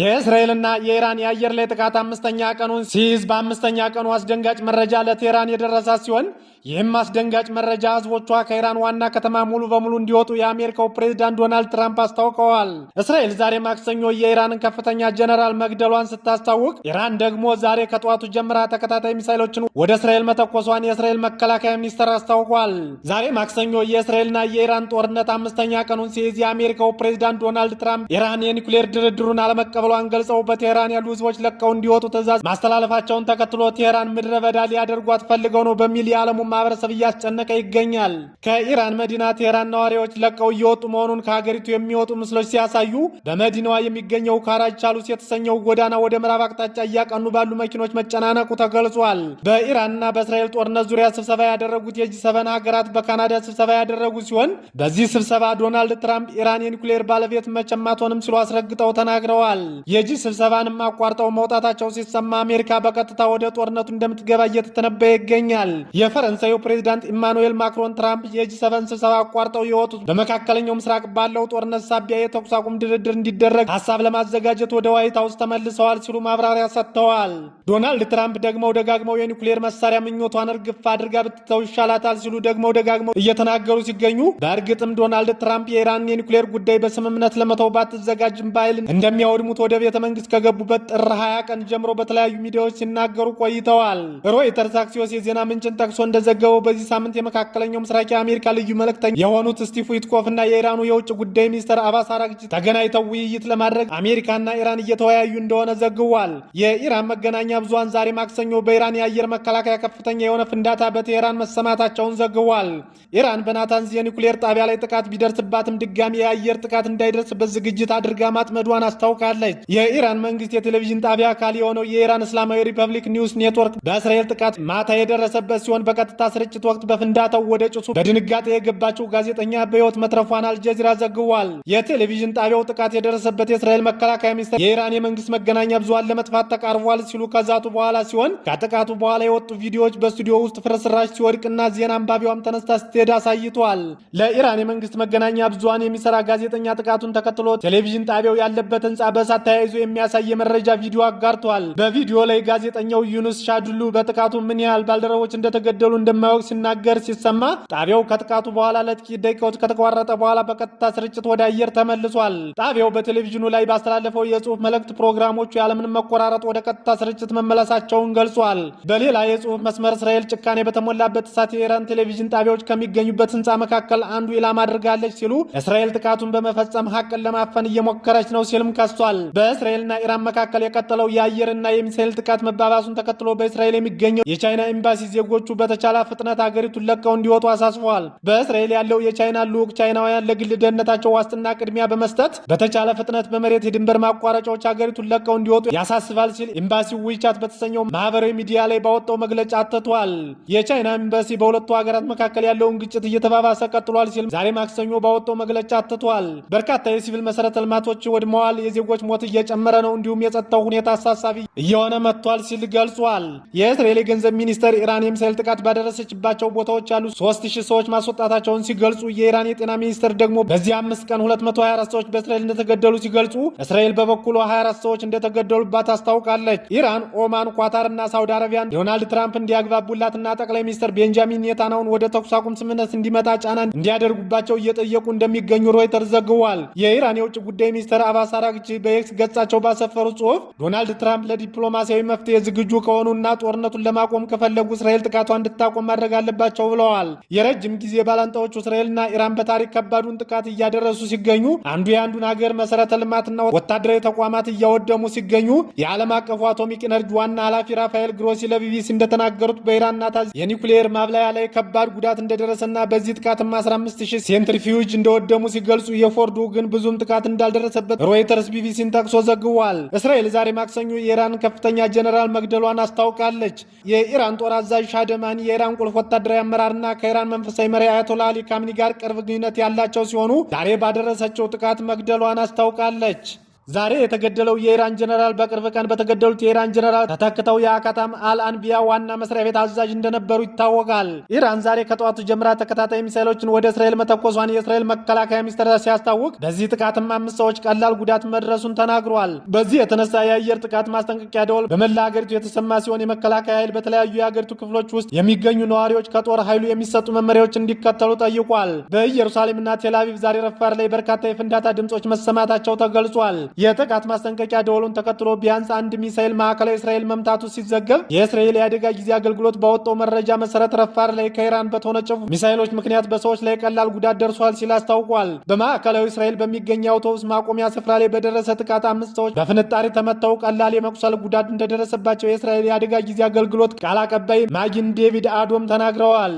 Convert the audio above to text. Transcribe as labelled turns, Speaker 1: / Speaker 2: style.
Speaker 1: የእስራኤልና የኢራን የአየር ላይ ጥቃት አምስተኛ ቀኑን ሲይዝ በአምስተኛ ቀኑ አስደንጋጭ መረጃ ለቴህራን የደረሳ ሲሆን ይህም አስደንጋጭ መረጃ ህዝቦቿ ከኢራን ዋና ከተማ ሙሉ በሙሉ እንዲወጡ የአሜሪካው ፕሬዝዳንት ዶናልድ ትራምፕ አስታውቀዋል። እስራኤል ዛሬ ማክሰኞ የኢራንን ከፍተኛ ጀነራል መግደሏን ስታስታውቅ፣ ኢራን ደግሞ ዛሬ ከጠዋቱ ጀምራ ተከታታይ ሚሳይሎችን ወደ እስራኤል መተኮሷን የእስራኤል መከላከያ ሚኒስቴር አስታውቋል። ዛሬ ማክሰኞ የእስራኤልና የኢራን ጦርነት አምስተኛ ቀኑን ሲይዝ የአሜሪካው ፕሬዝዳንት ዶናልድ ትራምፕ ኢራን የኒውክሌር ድርድሩን አለመቀበ ተብሏን ገልጸው በቴህራን ያሉ ህዝቦች ለቀው እንዲወጡ ትዕዛዝ ማስተላለፋቸውን ተከትሎ ቴህራን ምድረ በዳ ሊያደርጓት ፈልገው ነው በሚል የዓለሙ ማህበረሰብ እያስጨነቀ ይገኛል። ከኢራን መዲና ቴህራን ነዋሪዎች ለቀው እየወጡ መሆኑን ከሀገሪቱ የሚወጡ ምስሎች ሲያሳዩ በመዲናዋ የሚገኘው ካራጅ ቻሉስ የተሰኘው ጎዳና ወደ ምዕራብ አቅጣጫ እያቀኑ ባሉ መኪኖች መጨናነቁ ተገልጿል። በኢራንና በእስራኤል ጦርነት ዙሪያ ስብሰባ ያደረጉት የጂ ሰቨን ሀገራት በካናዳ ስብሰባ ያደረጉ ሲሆን በዚህ ስብሰባ ዶናልድ ትራምፕ ኢራን የኒኩሌር ባለቤት መቼም አትሆንም ሲሉ አስረግጠው ተናግረዋል። የጂ ስብሰባንም አቋርጠው መውጣታቸው ሲሰማ አሜሪካ በቀጥታ ወደ ጦርነቱ እንደምትገባ እየተተነበየ ይገኛል። የፈረንሳዩ ፕሬዚዳንት ኢማኑኤል ማክሮን ትራምፕ የጂ ሰቨን ስብሰባ አቋርጠው የወጡት በመካከለኛው ምስራቅ ባለው ጦርነት ሳቢያ የተኩስ አቁም ድርድር እንዲደረግ ሀሳብ ለማዘጋጀት ወደ ዋይት ሀውስ ተመልሰዋል ሲሉ ማብራሪያ ሰጥተዋል። ዶናልድ ትራምፕ ደግሞ ደጋግመው የኒውክሌር መሳሪያ ምኞቷን እርግፍ አድርጋ ብትተው ይሻላታል ሲሉ ደግሞ ደጋግመው እየተናገሩ ሲገኙ በእርግጥም ዶናልድ ትራምፕ የኢራን የኒውክሌር ጉዳይ በስምምነት ለመተው ባትዘጋጅም በኃይል እንደሚያወድሙ የታሰሩት ወደ ቤተ መንግስት ከገቡበት ጥር 20 ቀን ጀምሮ በተለያዩ ሚዲያዎች ሲናገሩ ቆይተዋል። ሮይተርስ አክሲዮስ የዜና ምንጭን ጠቅሶ እንደዘገበው በዚህ ሳምንት የመካከለኛው ምስራቅ የአሜሪካ ልዩ መልእክተኛ የሆኑት ስቲቭ ዊትኮፍ እና የኢራኑ የውጭ ጉዳይ ሚኒስትር አባስ ተገናኝተው ውይይት ለማድረግ አሜሪካና ኢራን እየተወያዩ እንደሆነ ዘግቧል። የኢራን መገናኛ ብዙሀን ዛሬ ማክሰኞ በኢራን የአየር መከላከያ ከፍተኛ የሆነ ፍንዳታ በቴህራን መሰማታቸውን ዘግቧል። ኢራን በናታንዝ የኒኩሌር ጣቢያ ላይ ጥቃት ቢደርስባትም ድጋሚ የአየር ጥቃት እንዳይደርስበት ዝግጅት አድርጋ ማጥመዷን አስታውቃለች። አስታውቃለች። የኢራን መንግስት የቴሌቪዥን ጣቢያ አካል የሆነው የኢራን እስላማዊ ሪፐብሊክ ኒውስ ኔትወርክ በእስራኤል ጥቃት ማታ የደረሰበት ሲሆን በቀጥታ ስርጭት ወቅት በፍንዳታው ወደ ጭሱ በድንጋጤ የገባቸው ጋዜጠኛ በህይወት መትረፏን አልጀዚራ ዘግቧል። የቴሌቪዥን ጣቢያው ጥቃት የደረሰበት የእስራኤል መከላከያ ሚኒስትር የኢራን የመንግስት መገናኛ ብዙሃን ለመጥፋት ተቃርቧል ሲሉ ከዛቱ በኋላ ሲሆን ከጥቃቱ በኋላ የወጡ ቪዲዮዎች በስቱዲዮ ውስጥ ፍርስራሽ ሲወድቅና ዜና አንባቢዋም ተነስታ ስትሄድ አሳይቷል። ለኢራን የመንግስት መገናኛ ብዙሃን የሚሰራ ጋዜጠኛ ጥቃቱን ተከትሎ ቴሌቪዥን ጣቢያው ያለበት ህንፃ በሳ በእሳት ተያይዞ የሚያሳይ የመረጃ ቪዲዮ አጋርቷል። በቪዲዮ ላይ ጋዜጠኛው ዩኑስ ሻድሉ በጥቃቱ ምን ያህል ባልደረቦች እንደተገደሉ እንደማያውቅ ሲናገር ሲሰማ፣ ጣቢያው ከጥቃቱ በኋላ ለጥቂት ደቂቃዎች ከተቋረጠ በኋላ በቀጥታ ስርጭት ወደ አየር ተመልሷል። ጣቢያው በቴሌቪዥኑ ላይ ባስተላለፈው የጽሁፍ መልእክት ፕሮግራሞቹ ያለምንም መቆራረጥ ወደ ቀጥታ ስርጭት መመለሳቸውን ገልጿል። በሌላ የጽሁፍ መስመር እስራኤል ጭካኔ በተሞላበት እሳት የኢራን ቴሌቪዥን ጣቢያዎች ከሚገኙበት ህንፃ መካከል አንዱ ኢላማ አድርጋለች ሲሉ እስራኤል ጥቃቱን በመፈጸም ሀቅን ለማፈን እየሞከረች ነው ሲልም ከሷል። በእስራኤልና ኢራን መካከል የቀጠለው የአየርና የሚሳኤል ጥቃት መባባሱን ተከትሎ በእስራኤል የሚገኘው የቻይና ኤምባሲ ዜጎቹ በተቻለ ፍጥነት አገሪቱን ለቀው እንዲወጡ አሳስበዋል። በእስራኤል ያለው የቻይና ልዑክ ቻይናውያን ለግል ደህንነታቸው ዋስትና ቅድሚያ በመስጠት በተቻለ ፍጥነት በመሬት የድንበር ማቋረጫዎች አገሪቱን ለቀው እንዲወጡ ያሳስባል ሲል ኤምባሲው ዊቻት በተሰኘው ማህበራዊ ሚዲያ ላይ ባወጣው መግለጫ አትቷል። የቻይና ኤምባሲ በሁለቱ ሀገራት መካከል ያለውን ግጭት እየተባባሰ ቀጥሏል ሲል ዛሬ ማክሰኞ ባወጣው መግለጫ አትቷል። በርካታ የሲቪል መሰረተ ልማቶች ወድመዋል፣ የዜጎች ፍላጎት እየጨመረ ነው፣ እንዲሁም የጸጥታው ሁኔታ አሳሳቢ እየሆነ መጥቷል ሲል ገልጿል። የእስራኤል የገንዘብ ሚኒስተር ኢራን የሚሳኤል ጥቃት ባደረሰችባቸው ቦታዎች ያሉ 3000 ሰዎች ማስወጣታቸውን ሲገልጹ፣ የኢራን የጤና ሚኒስተር ደግሞ በዚህ አምስት ቀን 224 ሰዎች በእስራኤል እንደተገደሉ ሲገልጹ፣ እስራኤል በበኩሏ 24 ሰዎች እንደተገደሉባት አስታውቃለች። ኢራን፣ ኦማን፣ ኳታር እና ሳውዲ አረቢያን ዶናልድ ትራምፕ እንዲያግባቡላትና ጠቅላይ ሚኒስትር ቤንጃሚን ኔታናውን ወደ ተኩስ አቁም ስምምነት እንዲመጣ ጫና እንዲያደርጉባቸው እየጠየቁ እንደሚገኙ ሮይተርስ ዘግቧል። የኢራን የውጭ ጉዳይ ሚኒስትር አባስ አራግቺ በ የኤክስ ገጻቸው ባሰፈሩ ጽሁፍ ዶናልድ ትራምፕ ለዲፕሎማሲያዊ መፍትሄ ዝግጁ ከሆኑና ጦርነቱን ለማቆም ከፈለጉ እስራኤል ጥቃቷ እንድታቆም ማድረግ አለባቸው ብለዋል። የረጅም ጊዜ ባላንጣዎቹ እስራኤልና ኢራን በታሪክ ከባዱን ጥቃት እያደረሱ ሲገኙ፣ አንዱ የአንዱን ሀገር መሰረተ ልማትና ወታደራዊ ተቋማት እያወደሙ ሲገኙ የዓለም አቀፉ አቶሚክ ኤነርጂ ዋና ኃላፊ ራፋኤል ግሮሲ ለቢቢሲ እንደተናገሩት በኢራን ናታንዝ የኒኩሌየር ማብላያ ላይ ከባድ ጉዳት እንደደረሰና በዚህ ጥቃትም 15 ሴንትሪፊዩጅ እንደወደሙ ሲገልጹ የፎርዱ ግን ብዙም ጥቃት እንዳልደረሰበት ሮይተርስ ቢቢሲን ጠቅሶ ዘግቧል። እስራኤል ዛሬ ማክሰኞ የኢራን ከፍተኛ ጀኔራል መግደሏን አስታውቃለች። የኢራን ጦር አዛዥ ሻደማኒ የኢራን ቁልፍ ወታደራዊ አመራርና ከኢራን መንፈሳዊ መሪ አያቶላ አሊ ካምኒ ጋር ቅርብ ግንኙነት ያላቸው ሲሆኑ ዛሬ ባደረሰችው ጥቃት መግደሏን አስታውቃለች። ዛሬ የተገደለው የኢራን ጀነራል በቅርብ ቀን በተገደሉት የኢራን ጀነራል ተተክተው የአካታም አል አንቢያ ዋና መስሪያ ቤት አዛዥ እንደነበሩ ይታወቃል። ኢራን ዛሬ ከጠዋቱ ጀምራ ተከታታይ ሚሳይሎችን ወደ እስራኤል መተኮሷን የእስራኤል መከላከያ ሚኒስትር ሲያስታውቅ፣ በዚህ ጥቃትም አምስት ሰዎች ቀላል ጉዳት መድረሱን ተናግሯል። በዚህ የተነሳ የአየር ጥቃት ማስጠንቀቂያ ደወል በመላ ሀገሪቱ የተሰማ ሲሆን የመከላከያ ኃይል በተለያዩ የሀገሪቱ ክፍሎች ውስጥ የሚገኙ ነዋሪዎች ከጦር ኃይሉ የሚሰጡ መመሪያዎች እንዲከተሉ ጠይቋል። በኢየሩሳሌምና ቴላቪቭ ዛሬ ረፋር ላይ በርካታ የፍንዳታ ድምፆች መሰማታቸው ተገልጿል። የጥቃት ማስጠንቀቂያ ደወሉን ተከትሎ ቢያንስ አንድ ሚሳኤል ማዕከላዊ እስራኤል መምታቱ ሲዘገብ የእስራኤል የአደጋ ጊዜ አገልግሎት ባወጣው መረጃ መሰረት ረፋር ላይ ከኢራን በተወነጨፉ ሚሳኤሎች ምክንያት በሰዎች ላይ ቀላል ጉዳት ደርሷል ሲል አስታውቋል። በማዕከላዊ እስራኤል በሚገኝ የአውቶቡስ ማቆሚያ ስፍራ ላይ በደረሰ ጥቃት አምስት ሰዎች በፍንጣሪ ተመተው ቀላል የመቁሰል ጉዳት እንደደረሰባቸው የእስራኤል የአደጋ ጊዜ አገልግሎት ቃል አቀባይ ማጊን ዴቪድ አዶም ተናግረዋል።